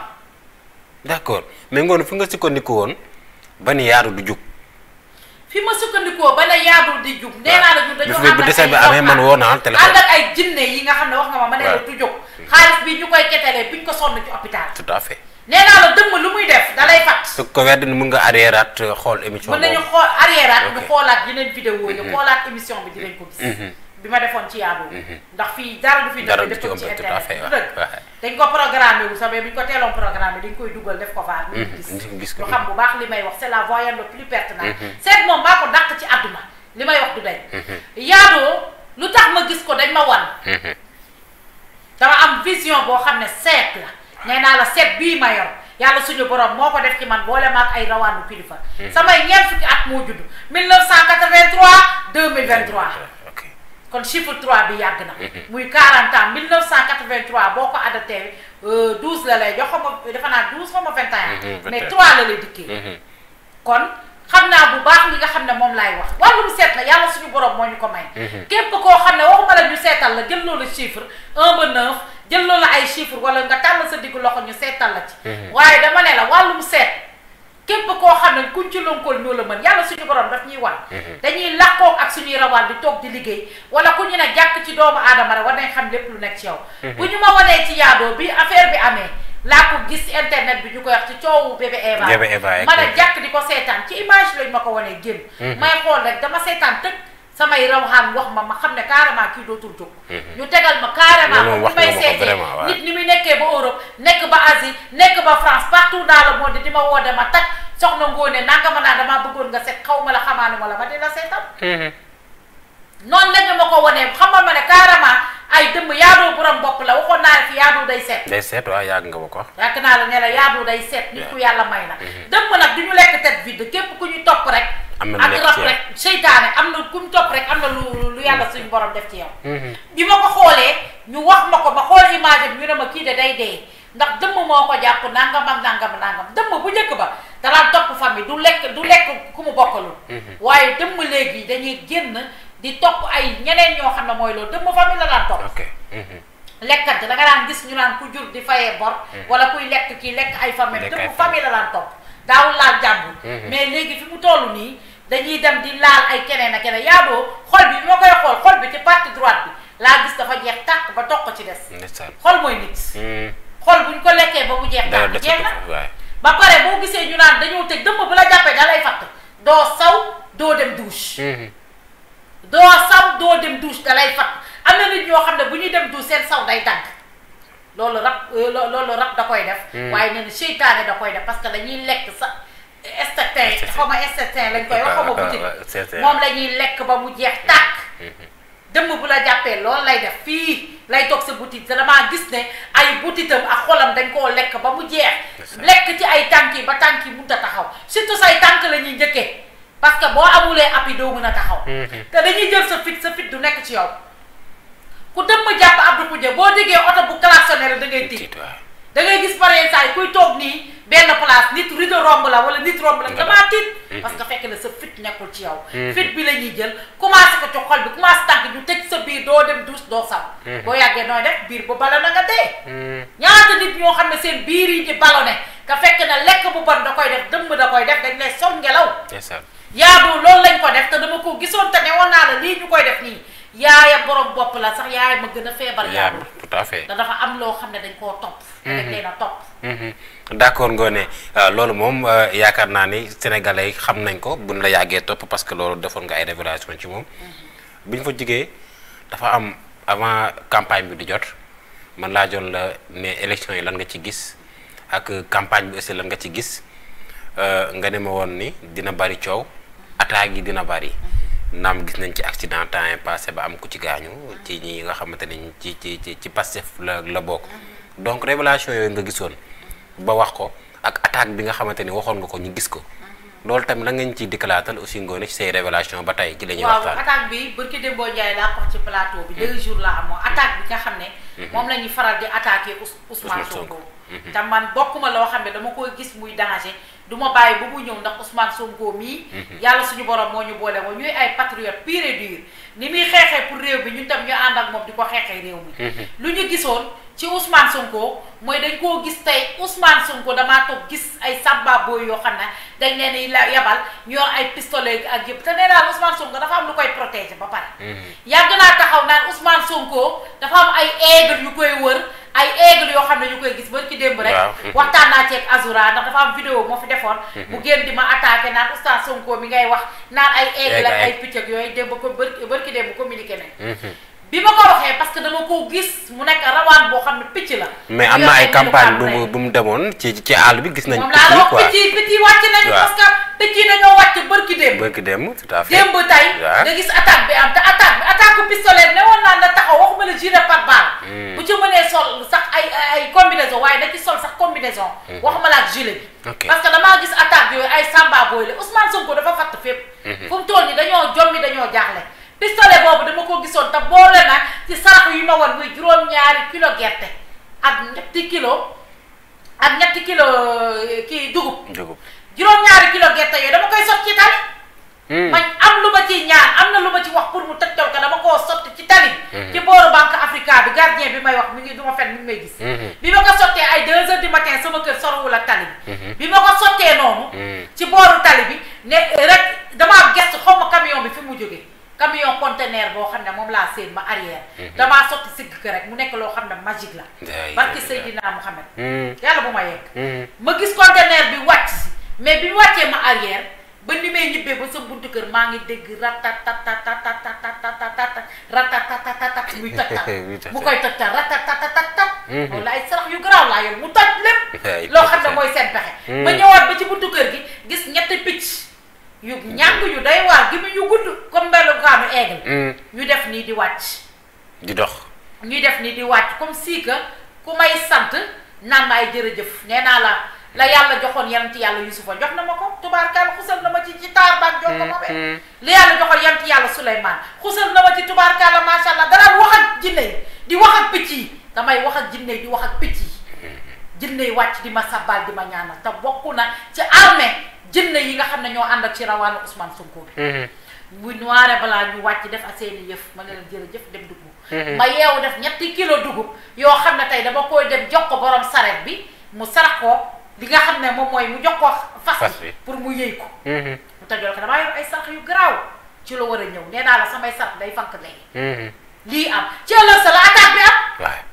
Speaker 2: d' accord mais ngoon fi nga sukkandiku woon ba ni yaadu du jug.
Speaker 3: fi ma sukkandikoo ba ne yaadul di jug. nee naa la ñun dañoo ànd
Speaker 2: ak ay amee man woo naa téléphone
Speaker 3: ak ay jinne yi nga xam ne wax nga ma ma ne du jóg. xaalis bi ñu koy ketele bi ñu ko sonn ci hôpital. nee naa la dëmm lu muy def da lay
Speaker 2: ko wedd ni mën nga arriéraat euh, xool émission boobu mën nañu xool arriéraat ñu
Speaker 3: xoolaat yeneen vidéo yi mhm. xoolaat émission bi dinañ ko gis. Mhm. bi ma defoon ci yaadu. Mhm. ndax fii dara du fi dara du ci ëmb tout à fait dañ ko programmé wu sax mais ko teeloon def ko vaar. ñu gis ko ñu xam bu baax li may wax c'est la voyante le plus pertinent. seet moom maa ko dàq ci àdduna li may wax du dañ. yaadoo lu tax ma gis ko dañ ma wan. dama am vision boo xam ne seet la. nee naa la set bii ma yor yàlla suñu borom moo ko def ci man boole maag ay rawaanu kilifa. Hmm. samay ñeent fukki at moo judd vingt 2023. kon chiffre 3 bi yàgg na. Hmm. muy mil 40 ans 1983 boo ko adapté 12 euh, la lay jox xam nga defe naa 12 xam nga 21. mais 3 la lay dikkee. Hmm. kon xam naa bu baax li nga xam ne moom laay wax wàllum seet la yàlla suñu borom moo ñu ko may. Mm-hmm. képp koo xam ne waxuma la ñu seetal la jël loolu chiffre un ba neuf jël loolu ay chiffre wala nga tàll sa diggu loxo ñu seetal la ci. Mm-hmm. waaye dama ne la wàllum seet. képp koo xam ne kuñ ci lonkool ñoo la mën yàlla suñu boroom daf ñuy wan mm-hmm. dañuy làkkoog ak suñuy rawaan bi toog di liggéey wala ku ñu ne jàkk ci doomu aadama rek war nañ xam lépp lu nekk ci yow bu ñu ma wanee ci yaadoo bi affaire bi amee laa ko gis internet bi ñu ko wax ci coowu bébé Eva. bébé Eva ma ne jàkk di ko seetaan ci image lañ ma ko wanee génn. Mhm. may xool rek dama seetaan tëj samay rawxaan wax ma ma xam ne carrément kii dootul jóg. Mhm. ñu tegal ma carrément. ni may seetee nit ni muy nekkee nekk ba nekk ba France partout dans le di ma woo dama tag soxna Ngone nanga ma naa damaa bëggoon nga seet xaw ma la xamaanu ma la ma dina seetaan. Mhm. noonu la ñu ma ko wanee xamal ma ne carrément. ay dëmb yaadoo borom bopp la waxoon naa la fi yaadoo day seet.
Speaker 2: day seet waaw yàgg nga ma ko.
Speaker 3: naa la ne la yaadoo day seet. nit ku yàlla may la. Mm-hmm. dëmb nag du ñu lekk tête vide képp ku ñu topp rek. am na ak am na ku ñu rek am na lu lu yàlla suñu borom def ci yow. Mm-hmm. bi ma ko xoolee ñu wax ma ko ma xool image bi ñu ne ma kii de day dee. ndax dëmm moo ko jàpp nangam ak nangam nangam dëmm bu njëkk ba danaan topp famille du lekk du lekk ku mu bokkalul. Mm-hmm. waaye dëmm léegi dañuy génn di topp ay ñeneen ñoo xam ne mooy loolu dëmm famille la daan topp.
Speaker 4: ok mhm.
Speaker 3: lekkante da nga daan gis ñu naan ku jur di fayee bor. Mhm. wala kuy lekk kii lekk ay famille. lekk ay dëmm famille la topp daawul laal jàmbur. Mhm. mais léegi fi mu toll nii dañuy dem di laal ay keneen ak keneen yaadoo xol bi bi ma koy xool xol bi ci partie droite bi laa gis dafa jeex tàkk ba toq ko ci des. xol mooy nit. xol buñ ko lekkee ba mu jeex. tàkk jeex na ba pare boo gisee ñu naan dañoo tëj dëmm bu la jàppee da lay fàtt doo saw doo dem douche. doo sam doo dem douche dalay fat am na nit ñoo xam ne bu ñuy dem douche seen saw day dagg loolu rab euh, loolu rab da koy def. Hmm. waaye nee na seytaane da koy def parce que dañuy lekk sa estetin xaw ma estetin lañ koy wax xaw ma butit ah, ah, ah, moom la ñuy lekk ba mu jeex hmm. tàkk. Hmm. dëmm bu la jàppee lool lay def fii lay toog sa butit te damaa gis ne ay butitam ak xolam dañ koo lekk ba mu jeex. lekk ci ay tànk ba tànk yi mënut a taxaw surtout say tànk la ñuy njëkkee. parce que boo amulee appui doo mën a taxaw. Mm-hmm. te dañuy jël sa fit sa fit du nekk ci yow. ku dem ma jàpp Abdou Koudé boo déggee oto bu klaxonné la da ngay tiit da ngay gis pareen saa yi kuy toog nii benn place nit rido romb la wala nit romb la damaa tiit. Mm-hmm. parce que fekk na sa fit nekkul ci yow. Mm-hmm. fit bi la ñuy jël commencé ko ci xol bi commencé tànk ñu tëj sa biir doo dem douche doo saw. boo yàggee nooy def biir bu ballonné nga
Speaker 4: dee.
Speaker 3: ñaata nit ñoo xam ne seen biir yi di ballonné ka fekk na lekk bu bon da def da koy def ngelaw. yaadu loolu lañ ko def te dama ko gisoon te newoon naa la lii ñu koy def nii yaayam borom bopp la sax yaayam ma gën a feebar. yaadu tout à fait. dafa am loo xam ne dañ koo topp. dañ
Speaker 2: mhm. leen mhm. euh, loolu moom euh, yaakaar naa ni sénégalais yi xam nañ ko buñ la yàggee topp parce que loolu defoon nga ay révélation ci moom. Mhm. bi ñu fa jigee dafa am avant campagne bi di jot man laa joon la ne élection yi lan nga ci gis ak campagne bi aussi lan nga ci gis euh, nga ne ma woon ni dina bari coow. attaques yi dina bari naam gis nañ ci accident temps yi ba am ku ci gaañu ci ñi nga xamante ni ci ci ci ci Pastef la la bokk donc révélation yooyu nga gisoon ba wax ko ak attaque bi nga xamante ni waxoon nga ko ñu gis ko loolu tamit la ngeen ci say révélation ba tey ci
Speaker 4: la ñuy waxtaan waaw attaque
Speaker 3: bi barki Dembo Ndiaye laa la bi nga xam ne mhm. moom la ñuy faral di attaqué Ousmane Sonko mhm. te man bokkuma loo xam ne dama koy gis muy danger du ma bàyyi ba mu ñëw ndax Ousmane Sonko mii. Mhm. yàlla suñu borom moo ñu boole woon ñuy ay patriote pur et ni muy xeexee pour réew bi ñu tam ñu ànd ak moom di ko xeexee réew mi. Mhm. lu ñu gisoon ci Ousmane Sonko mooy dañ koo gis tey Ousmane Sonko damaa toog gis ay samba yoo xam ne dañ leen la yabal ñu yor ay pistolet ak yëpp te nee naa Ousmane Sonko dafa am lu koy protéger ba pare. Mhm. yàgg naa taxaw naan Ousmane Sonko dafa am ay aigle yu koy wër. ay aigle yoo xam ne ñu koy gis ba ci démb rek waxtaan naa ci ak Azura ndax dafa am vidéo moo fi defoon bu mhm. génn di ma attaqué naan oustaz Sonko mi ngay wax naan ay aigle ak ay picc ak yooyu démb ko bër bërki démb communiqué nañ mhm. bi ma ko waxee parce que dama ko gis mu nekk rawaat boo xam ne picc la. mais am na ay campagne bu mu
Speaker 2: bu mu demoon ci ci àll bi gis nañ. picc
Speaker 3: yi wàcc nañu. parce picc yi dañoo wàcc bërki démb.
Speaker 2: bërki démb nga
Speaker 3: gis attaque bi am te attaque bi attaque pistolet ne woon naa la taxaw waxuma la gilet pare-balles. Hmm. bu ci mënee sol sax ay ay combinaison waaye da sol sax combinaison. Hmm. waxuma la ak gilet
Speaker 4: damaa
Speaker 3: gis attaque yooyu ay samba booy la Ousmane Sonko dafa fatt fépp. Hmm. fu mu pistolet boobu dama ko gisoon te boole na ci sarax yu ma war juróom-ñaari kilo gerte ak ñetti kilo ak ñetti kilo eh, kii dugub. dugub juróom-ñaari kilo gerte yooyu dama koy sotti ci tali. Hmm. man am lu ma ciy ñaan am na lu ma ci wax pour mu tëjtal ko dama koo sotti ci tali. Hmm. ci booru Banque Africa bi gardien bi may wax mu ngi du ma fen may gis. Hmm. bi ma ko sottee ay deux heures sama kër sorowul ak tali bi. bi ma ko sottee noonu. ci booru tali bi ne eh, rek damaa gëstu xaw bi mu jógee. camion conteneur boo xam ne moom laa seen ma arrière. Mhm. damaa sotti sigg ko rek mu nekk loo xam ne magique la. barki Seydina Mouhamed. Mhm. yàlla bu ma yegg. Mhm. ma gis conteneur bi wàcc mais bi mu wàccee ma arrière ba ni may ñibbee ba sa buntu kër maa ngi dégg ratatatatatatatatata ratatatatat muy tàttal. mu koy tàttal ratatatatat. loolu ay sarax yu garaaw laa yor mu toj lépp.
Speaker 4: loo xam ne mooy seen pexe. ma
Speaker 3: ñëwaat ba ci buntu kër gi gis ñetti picc. yu ñàng yu day waar gi mu yu gudd comme melokaanu aigle. ñu mm. def nii di wàcc. di dox. ñuy def nii di wàcc comme si que ku may sant naan ma ay jërëjëf nee naa la la yàlla joxoon yonent yàlla Yusufa jox na ma ko tubaarkaal xusal na ma ci ci taar baag jox ko ma mm-hmm. yàlla joxoon yonent yàlla Suleymaan xusal na ma ci tubaarkaal macha allah danaan wax ak jinne di wax ak picc yi damay wax ak jinne yi di wax ak picc yi mm-hmm. jinne yi wàcc di ma sabal di ma ñaanal te bokk na ci armée. jinne yi nga xam ne ñoo ànd ak ci rawaanu Ousmane Sonko bi bu mhm. noire balaa ñu wàcc def ak seeni yëf ma ne leen jërëjëf dem dugub mhm. ma yeewu def ñetti kilo dugub yoo xam ne tey dama koy dem jox ko borom saret bi mu sarax ko li nga xam ne moom mooy mu jox ko fas bi pour mu yëy ko mhm. mu tajol ko damaa yor ay sarax yu garaaw ci la war a ñëw nee naa la samay sarax day fank
Speaker 4: ne
Speaker 3: lii am ci ëllëg sa la attaque
Speaker 4: bi am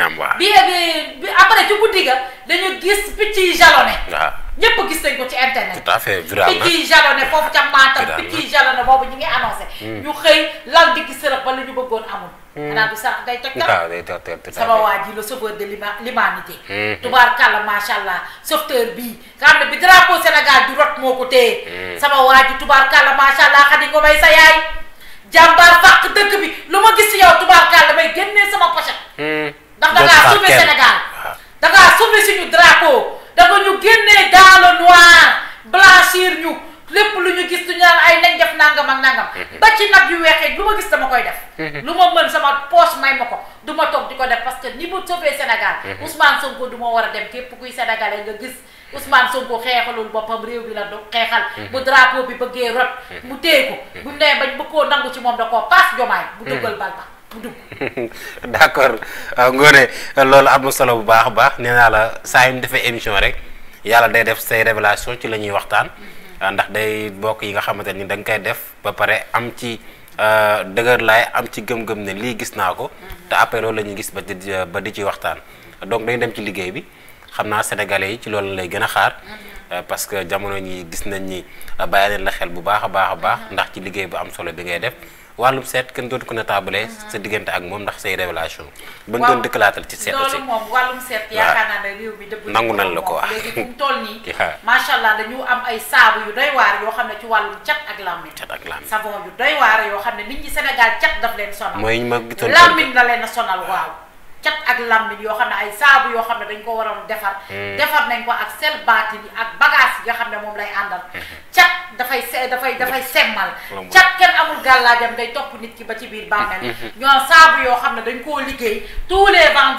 Speaker 2: ñu am waaw.
Speaker 3: billet bi bi après ci guddi ga dañu gis picc yi jalonné.
Speaker 2: waaw
Speaker 3: ko ci internet.
Speaker 2: tout à fait viral na picc yi
Speaker 3: jalonné foofu ca Matam. viral picc yi jalonné boobu ñu ngi annoncé. Hmm. ñu xëy di gis rek ba li ñu bëggoon amul. Hmm. xanaa du sax day toj. waaw
Speaker 2: day toj toj sama waa
Speaker 3: ji le sauveur de l'humanité. Hmm. tubaarkàlla macha allah sauveteur bii nga ne bi drapeau Sénégal du rot moo ko téye. sama waa ji tubaarkàlla macha allah xadi ko may sa yaay. jàmbaar fàq dëkk bi lu ma gis yow tubaarkàlla may génnee sama
Speaker 4: pochette. ndax da ngaa sauver Sénégal
Speaker 3: ah. da ngaa sauver suñu drapeau da nga ñu génnee dans le blanchir ñu lépp lu ñu gis du ñu naan ay nañ def nangam ak nangam. Mm-hmm. ba ci nag yu weexee lu ma gis dama koy def. Mm-hmm. lu ma mën sama poche may ma ko du ma toog di ko def parce que ni ma sauver Sénégal. Mm-hmm. Ousmane Sonko du ma war a dem képp kuy sénégalais nga gis. Ousmane Sonko xeexalul boppam réew bi la do xeexal. bu drapeau bi bëggee rot. mu téye ko bu nee bañ bëgg koo nangu ci moom da koo paas jomaay. bu dëggal
Speaker 2: d' accord ah, Ngoné loolu am na solo bu baax a baax nee naa la saa yu ñu defee émission rek yàlla day def say révélation ci la ñuy waxtaan mm-hmm. ah, ndax day bokk yi nga xamante ni da nga koy def ba pare am ci euh, dëgër laay am ci gëm-gëm ne lii gis naa ko mm-hmm. te après loolu la ñuy gis ba di ba di ci waxtaan donc dañu dem ci liggéey bi xam naa sénégale yi ci loolu lay gën a xaar mm-hmm. euh, parce que jamono ñi gis nañ ni euh, bàyyi leen la xel bu baax a baax a baax ndax ci liggéey bu am solo bi ngay def wàllum seet kenn dootu ko nataabale mm-hmm. sa diggante ak moom ndax say révélation ba nga doon dëkkalaatal ci seet aussi loolu
Speaker 3: nangu nañ la ko wax léegi fu allah dañu am ay saabu yu doy waar yoo xam ne ci wàllum cat ak làmmiñ cat ak làmmiñ savon yu doy waar yoo xam ne nit ñi Sénégal cat daf leen sonal ma gisoon làmmiñ la leen a sonal waaw cat ak làmmiñ yoo xam ne ay saabu yoo xam ne dañ ko waroon defar mm. defar nañ ko ak sel baati bi ak bagage yi nga xam ne moom lay àndal mm-hmm. cat dafay se dafay dafay semmal cat kenn amul gàllaajam day topp nit ki ba ci biir bàmmeel mm-hmm. ñoo saabu yoo xam ne dañ koo liggéey tous les am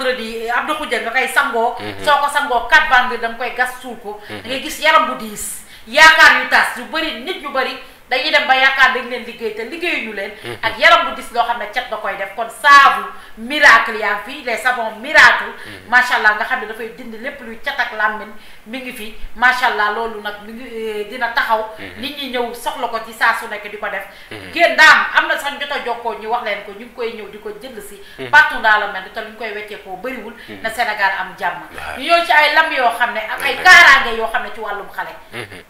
Speaker 3: Abdou Khoudia nga koy sangoo mm-hmm. soo ko sangoo quatre vendredi da koy gas suul ko da ngay gis yaram bu diis yaakaar yu tas yu bëri nit ñu bëri dañuy dem ba yaakaar dañ leen liggéey te liggéeyuñu leen. Mm-hmm. ak yaram lu dis loo xam ne cet da koy def kon saabu miracle yaa fii les savons miracle. Mm-hmm. macha allah nga xam ne dafay dindi lépp luy cat ak làmmiñ mi ngi fi macha allah loolu nag mi ngi eh, dina taxaw. Mhm. nit ñi ñëw soxla ko ci saa su nekk di ko def. génn mhm. daam am na sax jot a jokkoo ñu wax leen ko ñu ngi koy ñëw di ko jënd si. Mhm. partout dans le monde te ñu koy weccee koo bëriwul. na Sénégal am jàmm. ñu ci ay lam yoo xam ne ak ay kaaraange yoo xam ne ci wàllum xale.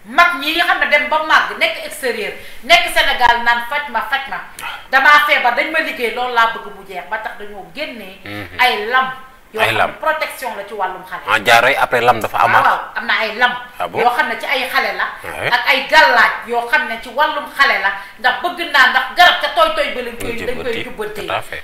Speaker 3: mag ñi nga xam ne dem ba màgg nekk extérieur nekk Sénégal naan faj ma faj ma damaa feebar dañ ma liggéey loolu laa bëgg mu jeex ba tax dañoo génnee ay lam. ay lam yoo xam ne protection la ci wàllum xale. ah
Speaker 2: jaaroy après lam dafa amaat. Ah, am na ay lam. Ah yoo xam ne
Speaker 3: ci ay xale la. ak ay gàllaaj yoo xam ne ci wàllum xale la ndax bëgg naa ndax garab ca tooy tooy ba lañ koy dañ koy jubbante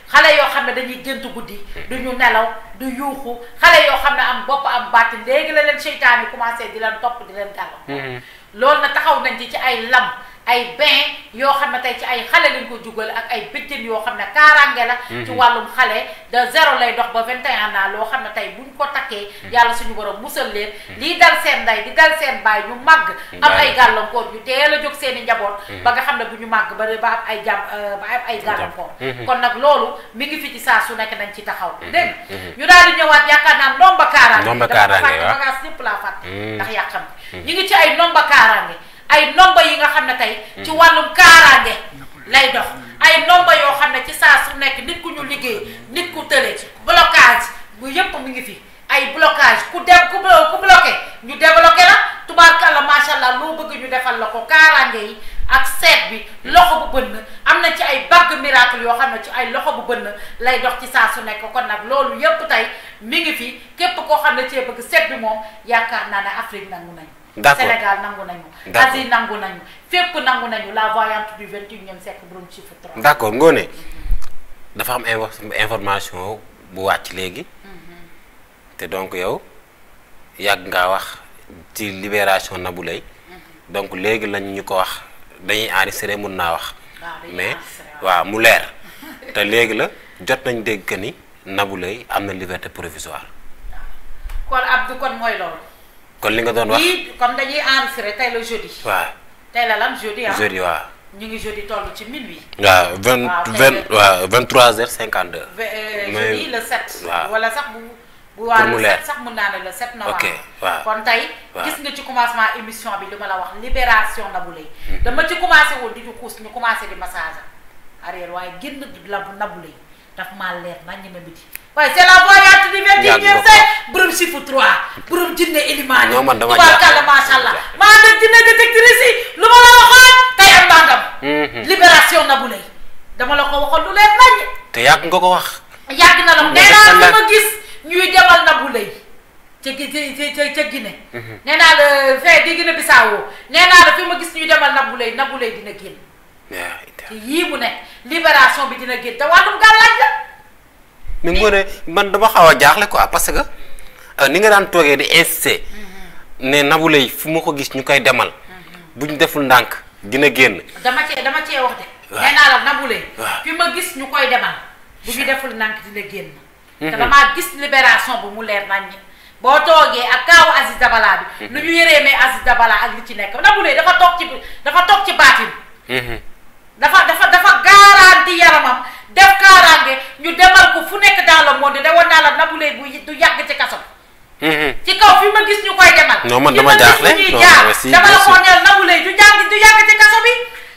Speaker 3: xale yoo xam ne dañuy gént guddi. Hmm. du ñu nelaw du yuuxu xale yoo xam ne am bopp am baat léegi la leen seytaane commencé di leen topp di leen gàllam. Hmm. loolu na taxaw nañ ci ci ay lam. ay bain yoo xam ne tey ci ay xale lañ ko jugal ak ay bëjjën yoo xam ne kaaraange la mhm. ci wàllum xale de zéro lay dox ba vingt et loo xam ne tey buñ ko takkee mhm. yàlla suñu borom musal leen mhm. lii dal seen nday di dal seen baay ñu màgg am ay gàllankoor ñu teel a jóg seen i njaboot ba xam ne bu ñu màgg ba ba am ay jàmm euh, ba am ay nag loolu mi ngi fi ci saa su nekk nañ ci taxaw dégg ñu daal di ñëwaat yaakaar naa ndomba kaaraange ndomba ba waaw dafa fàtte bagaas ñëpp laa fàtte ndax yàqam ñu ngi ci ay ndomba kaaraange ay nomba yi nga xam ne tey ci wàllum kaaraange lay dox ay nomba yoo xam ne ci saa su nekk nit ku ñu liggéey nit ku tële blocage bu yëpp mu ngi fi ay blocage ku dem ku ku ñu débloqué la tubaarkàlla macha allah loo bëgg defal la ko kaaraange yi ak seet bi loxo bu bënn am na ci ay bague miracle yoo xam ne ci ay loxo bu bënn lay dox ci saa su nekk kon nag loolu yëpp tey mi ngi fi képp koo xam ne cee bëgg seet bi moom yaakaar naa ne Afrique nangu nañ d'accord Sénégal nangu nañu. d'accord Asie nangu nañu fépp nangu nañu la voyante du vingt
Speaker 2: dafa am information bu wàcc léegi. Mhm. te donc yow yàgg ngaa wax ci libération Nabou Leye. Mhm. donc léegi lañ ñu ko wax dañuy enregistré mun naa wax. mais waaw mu leer. te léegi la jot nañ dégg que ni Nabou Leye am na liberté provisoire. kon li nga doon wax lii
Speaker 3: comme dañuy enregistré tey la jeudi. waaw tey la lan jeudi ah. jeudi waaw. ñu ngi jeudi toll ci minuit.
Speaker 2: waaw vingt vingt waa vingt trois heures cinquante deux.
Speaker 3: Euh, jeudi le sept. waa wala sax bu. bu waa le sept sax mun naa ne le sept novembre. ok waaw kon tey. gis nga ci commencement émission bi li ma la wax libération Nabou Leye. Hmm. dama ci commencé woon di ñu xuus ñu commencé di massage arrière waaye génn Nabou Leye daf maa leer naññ ma biti. waaye c'est la voyante du vingt-et-unième siècle borom chiffre trois borom jinne Elimane non man dama jàpp allah maa ngi jinne détectrice lu ma la waxoon tey am
Speaker 4: naa ndam mhm.
Speaker 3: libération Nabou Leye dama la ko waxoon lu leen nañ
Speaker 2: te yàgg nga ko wax
Speaker 3: yàgg na la nee naa lu ma gis ñuy demal Nabou mhm. la fee di Guinée Bissau nee naa la fi ma gis ñuy demal Nabou Leye Nabou Leye dina génn te yii mu ne libération bi dina génn te wàllum gàllaaj la
Speaker 2: mais ngoone man dama xaw a jaaxle quoi parce que euh, ni nga daan toogee di insisté mm-hmm. ne Nabou fu ma ko gis ñu koy demal mm-hmm. buñ deful ndànk dina génn.
Speaker 3: dama dama cee wax de. fi ma gis ñu koy demal bu ñu deful ndànk dina génn. Mm-hmm. te damaa gis libération bu mu leer naññ. boo toogee ak kaawu Aziz Dabala bi. nu ñu yëreemee Aziz Dabala ak li ci nekk Nabou dafa toog ci dafa toog ci
Speaker 4: baatin.
Speaker 3: dafa dafa dafa garanti yaramam. def kaaraange ñu demal ko fu nekk dans le monde da war naa la nabulay bu du ci kaso. Mm-hmm. ci gis ñu koy demal. non man dama jaaxle non non si dama la xoñal nabulay du jàng du yàgg ci kaso bi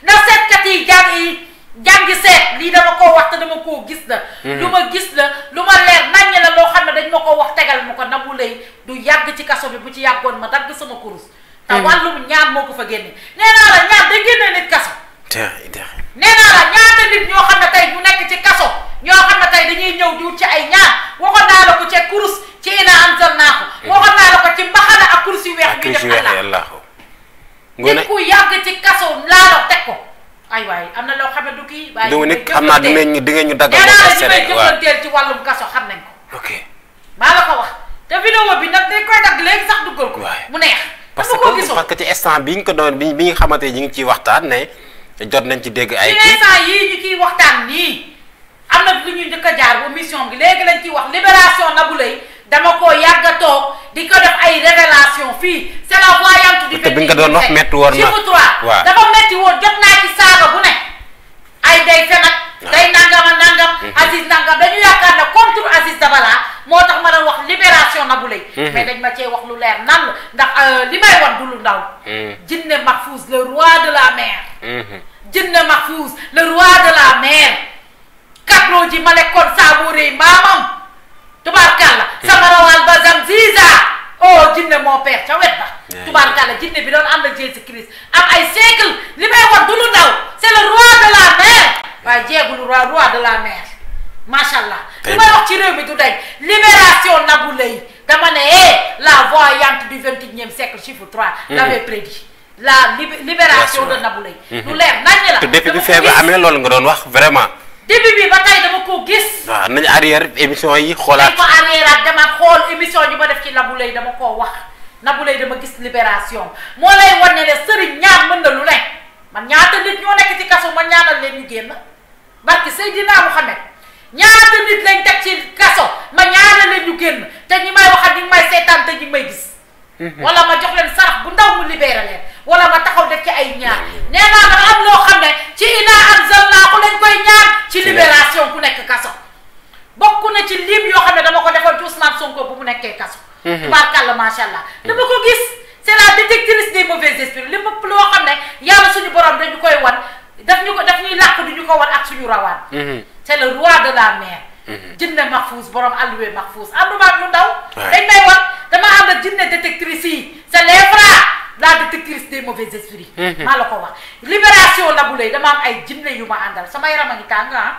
Speaker 3: na seetkat yi jàng yi jàngi seet lii dama koo wax te dama koo gis la. Mm-hmm. lu ma gis la lu ma leer naññ la loo xam ne dañ ma ko wax tegal mu ko nabulay du yàgg ci kaso bi bu ci yàggoon ma dagg sama kurus. Mm-hmm. te wàllum ñaan moo ko fa génne nee naa la ñaan da génne nit kaso.
Speaker 2: teex teex. la
Speaker 3: ñaata nit ñoo xam ne tey ñu nekk ci kaso ñoo xam ne tey dañuy ñëw di ci ay ñaan waxoon naa ko ci kurus ci ina anzal naa ko. waxoon ko ci mbaxana ak yu weex. ñu def
Speaker 2: allah nit
Speaker 3: ku ko. am na loo xam ne du kii. waaye ñu ngi ñu
Speaker 2: dinañ ñu daggal. ko.
Speaker 3: wax. te vidéo bi nag dañ koy dagg léegi sax duggal ko. mu neex. parce que parce que
Speaker 2: ci instant bi ñu ko doon bi bi nga xamante ñi ngi ciy waxtaan ne te jot nañ ci dégg ay. kii
Speaker 3: instant yii ñu ciy waxtaan nii am na lu ñu njëkk a jaar ba mission bi léegi lañ ciy wax libération Nabou Leye dama ko yàgg a toog di ko def ay révélation fii c'est la voyante du. bi nga doon wax métti woon na waaw dafa métti woon jot naa ci saaga bu ne ay day fen day nangam ak nangam. Mhm. Aziz nangam dañu yaakaar ne contre Aziz Dabala moo tax ma doon wax libération Nabou Leye. Mhm. mais dañ ma cee wax lu leer nan la ndax euh, li may wan mhm.
Speaker 4: la
Speaker 3: jënna Mahfouz le roi de la mer katloo ji ma lekkoon saabuuree maamam tubaarkàlla sama rawal ba zam ziza oh jinne moo peer ca wet ba eh, eh. tubaarkàlla jinne bi doon ànd ak Jésus Christ am ay siècle li wax de la mer waaye jeegul roi de la mer macha allah li may wax ci eh, la voyante du vingt et unième siècle la libération de Nabou Leye. Mhm. lu leer nañ la. te
Speaker 2: depuis bi feebar amee loolu nga doon wax vraiment.
Speaker 3: début bi ba tey dama ko gis. waaw nañu
Speaker 2: arrière émission yi xoolaat.
Speaker 3: ko arrière dama xool émission ñu ma def ci Nabou Leye dama koo wax Nabou Leye dama gis libération moo lay wan ne sëriñ ñaar mën na lu ne man ñaata nit ñoo nekk ci kaso ma ñaanal leen ñu génn barki Seydina Muhammad ñaata nit lañ teg ci kaso ma ñaanal leen ñu génn te ñi may waxal ñi may seetaan te ñi may gis. Mhm. wala ma jox leen sarax bu ndaw mu libéré wala ma taxaw def ci ay ñaar nee naa dafa loo xam ne ci ina anzalnaa ku lañ koy ñaar ci libération ku nekk kaso bokk na ci lim yoo xam ne dama ko defoon ci Ousmane Sonko bu mu nekkee kaso mhm. tubaarkàlla macha allah mhm. dama ko gis c'est la détectrice des mauvais bi li ma loo xam ne yàlla suñu borom dañu koy wan daf ñu ko daf ñuy làkk du ñu ko wan ak suñu rawaan mhm. c'est le roi de Mhm. jinne Mahfouz borom alluwe Mahfouz àndumaat lu ndaw. e may wan dama ànd jinne détectrice yi c'est les bras la détectrice des mauvais esprits. Mhm. maa la wax libération Nabou Leye dama ay jinne yu ma àndal sama yaram a ngi tàng ah.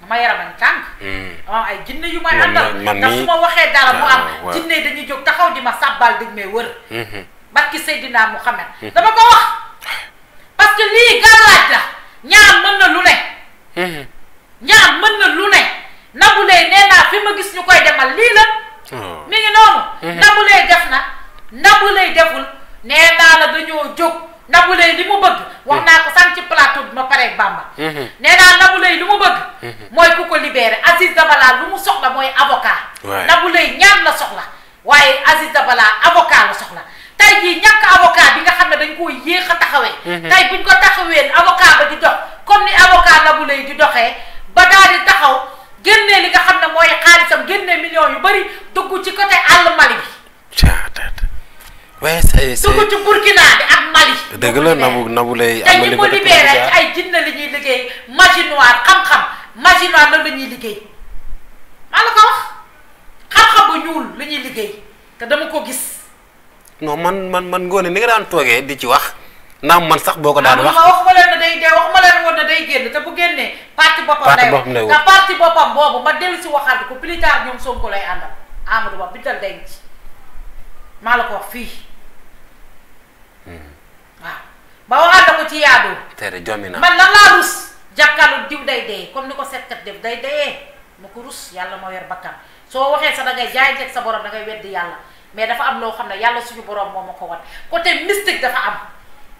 Speaker 3: dama yaram a ngi tàng. Mhm. dama ay jinne yu ma àndal. man man su ma waxee dara mu am ah, jinne yi dañuy jóg taxaw di ma sàbbal dañ may wër. barki Seydina Mouhamed. dama ko wax parce lii gàllaaj la ñaan mën na lu
Speaker 4: ne.
Speaker 3: ñaan mën na lu ne nabulee nee fi ma gis ñu koy demal lii la oh. mi ngi noonu mm-hmm. nabulee def na nabulee deful nee la dañoo jóg nabulee li mu bëgg wax mm-hmm. naa ko sànq ci plateau bi ma paree Bamba mm-hmm. nee naa li mu bëgg mooy ku ko libéré Aziz Dabala lu mu soxla mooy avocat nabulee ñaan la soxla waaye Aziz Dabala avocat la soxla tey jii ñàkk avocat bi nga xam ne dañ koo yéex a taxawee tey buñ ko taxawee avocat ba di dox comme ni avocat nabulee ba daal di taxaw génnee li nga xam ne mooy xaalisam génnee millions yu bëri dugg ci côté àll Mali bi.
Speaker 2: waaye say say dugg ci Burkina bi ak Mali. dëgg la nabu nabu lay. am na li ko libéré ay
Speaker 3: jinne li liggéey magie noire xam-xam magie noire lan ñuy liggéey maa la ko wax xam-xam bu ñuul la ñuy liggéey te dama ko gis.
Speaker 2: non man man man ngoon ni nga daan toogee di ci wax. naam man sax boo ko daan wax ah,
Speaker 3: waxuma leen ne day dee waxuma leen woon ne day génn te bu génnee parti boppam lay wax te parti boppam boobu ma dellu si waxaat ko plus tard ñoom Sonko lay àndal Amadou Ba bi dal denc maa la ko wax fii hmm. waaw ba waxaat na ko ci yaadoo
Speaker 2: tere jommi na man
Speaker 3: lan laa rus jàkkaarlu day dee comme ni ko setkat def day dee mu ko yàlla moo yor bakkan soo waxee sax da ngay jaayanteeg sa borom da ngay weddi yàlla mais dafa am loo xam ne yàlla suñu borom moom ma ko wan côté mystique dafa am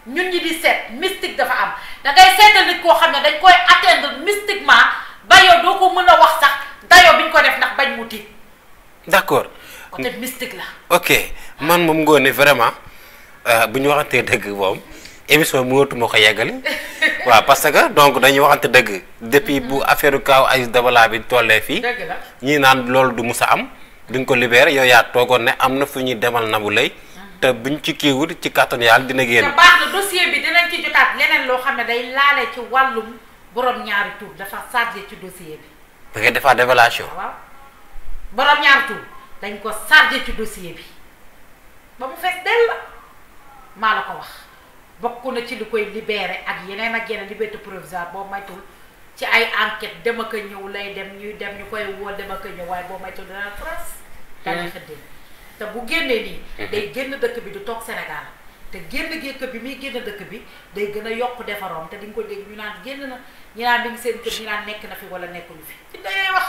Speaker 3: ñun ñi di seet mystique dafa am da seetal nit koo xam ne dañ koy atteindre mystiquement ba yow doo ko mën a wax sax dayoo bi ñu ko def ndax bañ mu tiit.
Speaker 2: d'accord ok man moom ngoone vraiment euh, bu ñu waxantee dëgg moom émission bi mënatuma ko yeggale waaw parce que donc dañuy waxante dëgg. depuis mm-hmm. bu affaire kaw Aziz Dabala bi tollee fii.
Speaker 3: dëgg
Speaker 2: naan loolu du mus a am duñ ko libéré yow yaa toogoon ne am na fu ñuy demal Nabou Leye. te buñ ci kiiwul ci kàttan yàlla dina génn. te
Speaker 3: baax na dossier bi dinañ ci jotaat leneen loo xam ne day laale ci wàllum borom ñaari tur dafa chargé ci dossier bi.
Speaker 2: da ngay defaat révélation.
Speaker 3: dañ ko chargé ci dossier bi ba mu fees dell la maa la ko wax bokk na ci li koy libéré ak yeneen ak yeneen liberté provisoire boo maytul ci ay enquête dem ak a ñëw lay dem ñuy dem ñu koy woo dem ak a ñëw waaye boo maytul dana tras. Hmm. dana xëddee. te bu génnee nii. Mhm. day génn dëkk bi du toog Sénégal te génn gékk bi muy génn dëkk bi day gën a yokk defaroom te di ko dégg ñu naan génn na ñu naan mi seen kër ñu naan nekk na fi wala nekkul fi ci day wax.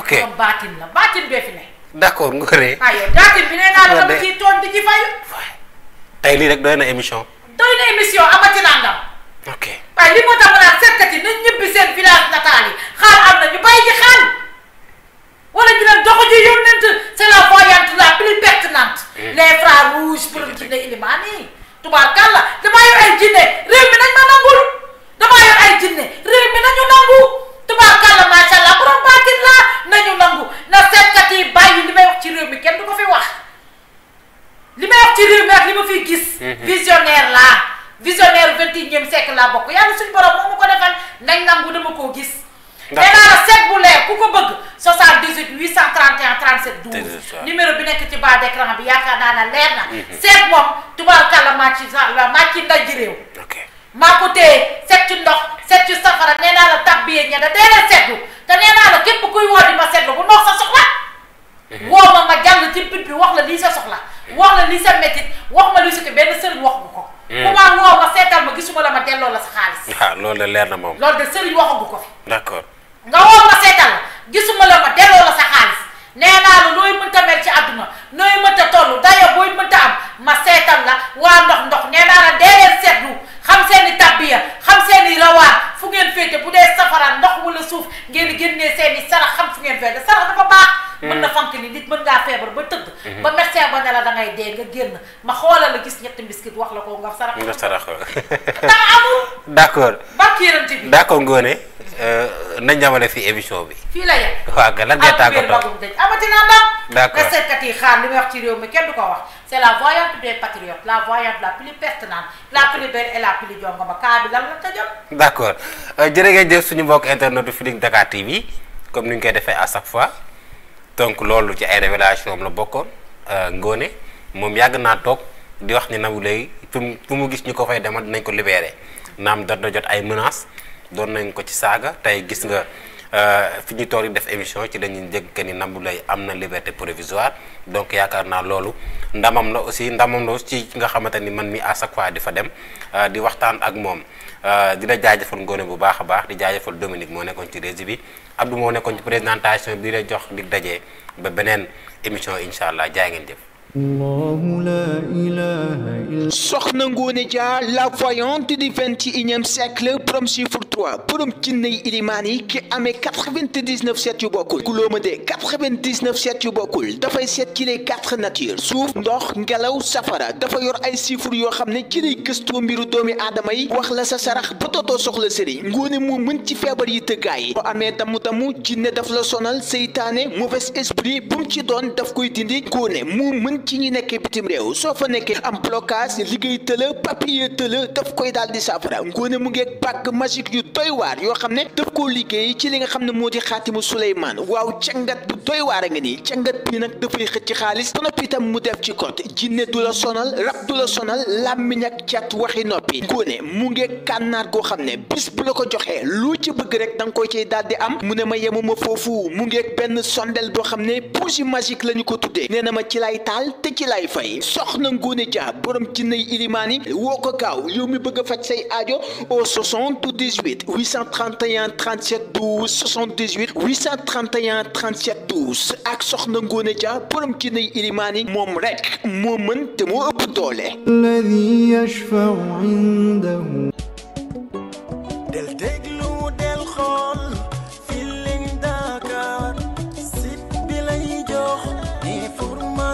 Speaker 3: ok kon baatin la baatin bee fi ne.
Speaker 2: d'accord Ngoné. ah
Speaker 3: yow baatin bi nee naa la ci toon di ci fayu.
Speaker 2: tey lii rek doy na émission.
Speaker 3: doy na émission amati nangam. ok waaye li moo tax ma naan seetkat yi nañ ñibbi seen village natal yi xaal am na ñu bàyyi ji xaal. wala ñu ne ji yónneent c' est la voyante la plus pertinente. Eh. les frères rouges pour jinne ilimaan yi tubaarkàlla damaa yor ay jinne réew mi nañ ma nangul damaa yor ay jinne réew mi nañu nangu tubaarkàlla macha allah borom baatin nangu na seetkat yi bàyyi li may wax ci mi kenn du ko wax li may wax ci mi ak li ma fiy gis. Mm-hmm. visionnaire la visionnaire vingt et unième siècle laa bokk yàlla suñu borom moo ma ko defal nañ nangu dama koo gis. d' accord nee naa seet bu ko bëgg. 78 831 37 12. numéro bi nekk ci bas d'écran bi yaakaar naa ne leer na. Mhm. seet moom tubaarkàlla maa ci la maa ci ndaji réew. maa ko te seet ci ndox seet ci safara nee naa la tabbiyee ña da dee la seetlu te nee naa la képp kuy woo di ma seetlu bu ndox sa soxla. Mhm. woo ma ma jàll ci bit bi wax la lii sa soxla. Mhm. wax la lii sa métit wax ma lii sa benn sëriñ wax bu ko. ku ma woo ma seetal ma gisuma la ma delloo la sa xaalis.
Speaker 2: waaw ah, loolu leer na moom.
Speaker 3: loolu de sëriñ waxagu ko fi. nga woo ma seetal gisuma la ma delloo la sa xaalis nee naa la looy mënta mel ci àdduna nooy mënta toll dayo booy mënta am ma seetal la waa ndox ndox nee naa la dee leen seetlu xam seen i tàbbiya xam seen i rawaa fu ngeen féete bu dee safaraan ndox wala suuf ngeen génnee seen sarax xam fu ngeen féete sarax dafa baax mm. mën na fank ni nit mën ngaa feebar ba tëdd mm-hmm. ba médecin ba ne la dee nga génn ma xoolal la gis ñetti mbiskit wax la ko nga sarax nga
Speaker 2: sarax daa amul d'accord
Speaker 3: bakkiirante bi d'accord
Speaker 2: ngoone euh, nañ jamale fi émission bi fii la yem waaw lan ngay tàggatoo
Speaker 3: amati naa ndam nga seetkat yi xaar li may wax ci réew mi kenn du ko wax c'est la voyante des patriotes la voyante la plus pertinente la plus belle et la plus jongoma kaa bi lan la ko jëm.
Speaker 2: d'accord euh, jërë ngeen jëf suñu mbokk internet Feeling Dakar TV comme ni ñu koy defee à chaque fois donc loolu ci ay révélation am la bokkoon euh, ngoone moom yàgg naa toog di wax ni Nabou Leye fu fu mu gis ñu ko fay demal dinañ ko libéré naam da na jot ay menaces doon nañ ko ci saaga tey gis nga. Euh, fi ñu tool di def émission ci dañuy dégg que ni Nambu Lay am na liberté provisoire donc yaakaar naa loolu ndamam la aussi ndamam la ci nga xamante ni man mi à chaque fois di fa dem euh, di waxtaan ak moom euh, di la jaajëfal ngoone bu baax a baax di jaajëfal Dominique moo nekkoon ci régie bi Abdou moo nekkoon ci présentation bi di jox dig dajee ba beneen émission incha allah jaay ngeen jëf.
Speaker 5: soxna Ngoone Dia la voyante du vingt-et-unième siècle borom chiffre trois borom jinne yi yi ki amee quatre-vingt-dix-neuf seet yu bokkul kulóoma de seet yu bokkul dafay seet ci les quatre natures suuf ndox ngelaw safara dafa yor ay chiffre yoo xam ne ci lay gëstoo mbiru doomi aadama yi wax la sa sarax ba dootoo soxla sëriñ Ngoone moo mën ci feebar yi tëggaay yi boo amee damu-damu jinne daf la sonal seytaane mauvais esprit bu mu ci doon daf koy dindi Ngoone moo mën ci ñi nekkee bitim réew soo fa nekkee am blocage liggéey tëla papier tëla daf koy daal di saafara ngoone mu ngeeg pàkk magique yu doy waar yoo xam ne daf koo liggéey ci li nga xam ne moo di xaatimu Souleymane waaw cangat bu doy waar a nga nii cangat bi nag dafay xëcc xaalis ba noppi itam mu def ci kott jinne du la sonal rab du la sonal làmmiñ ak cat waxi noppi ngoone mu ngeeg kànnaar goo xam ne bis bu la ko joxee lu ci bëgg rek da nga koy ciy daal di am mu ne ma yemuma foofu mu ngeeg benn sondel boo xam ne pouge magique la ñu ko tuddee nee ma ci lay taal taal te ci lay fay soxna Ngoone Dia borom ci nay ilimaani woo ko gaaw yow mi bëgg a faj say aajo au 78 831 37 12 78 831 37 12 ak soxna Ngoone Dia borom ci nay ilimaani moom rek moo mën te moo ëpp doole. del
Speaker 1: déglu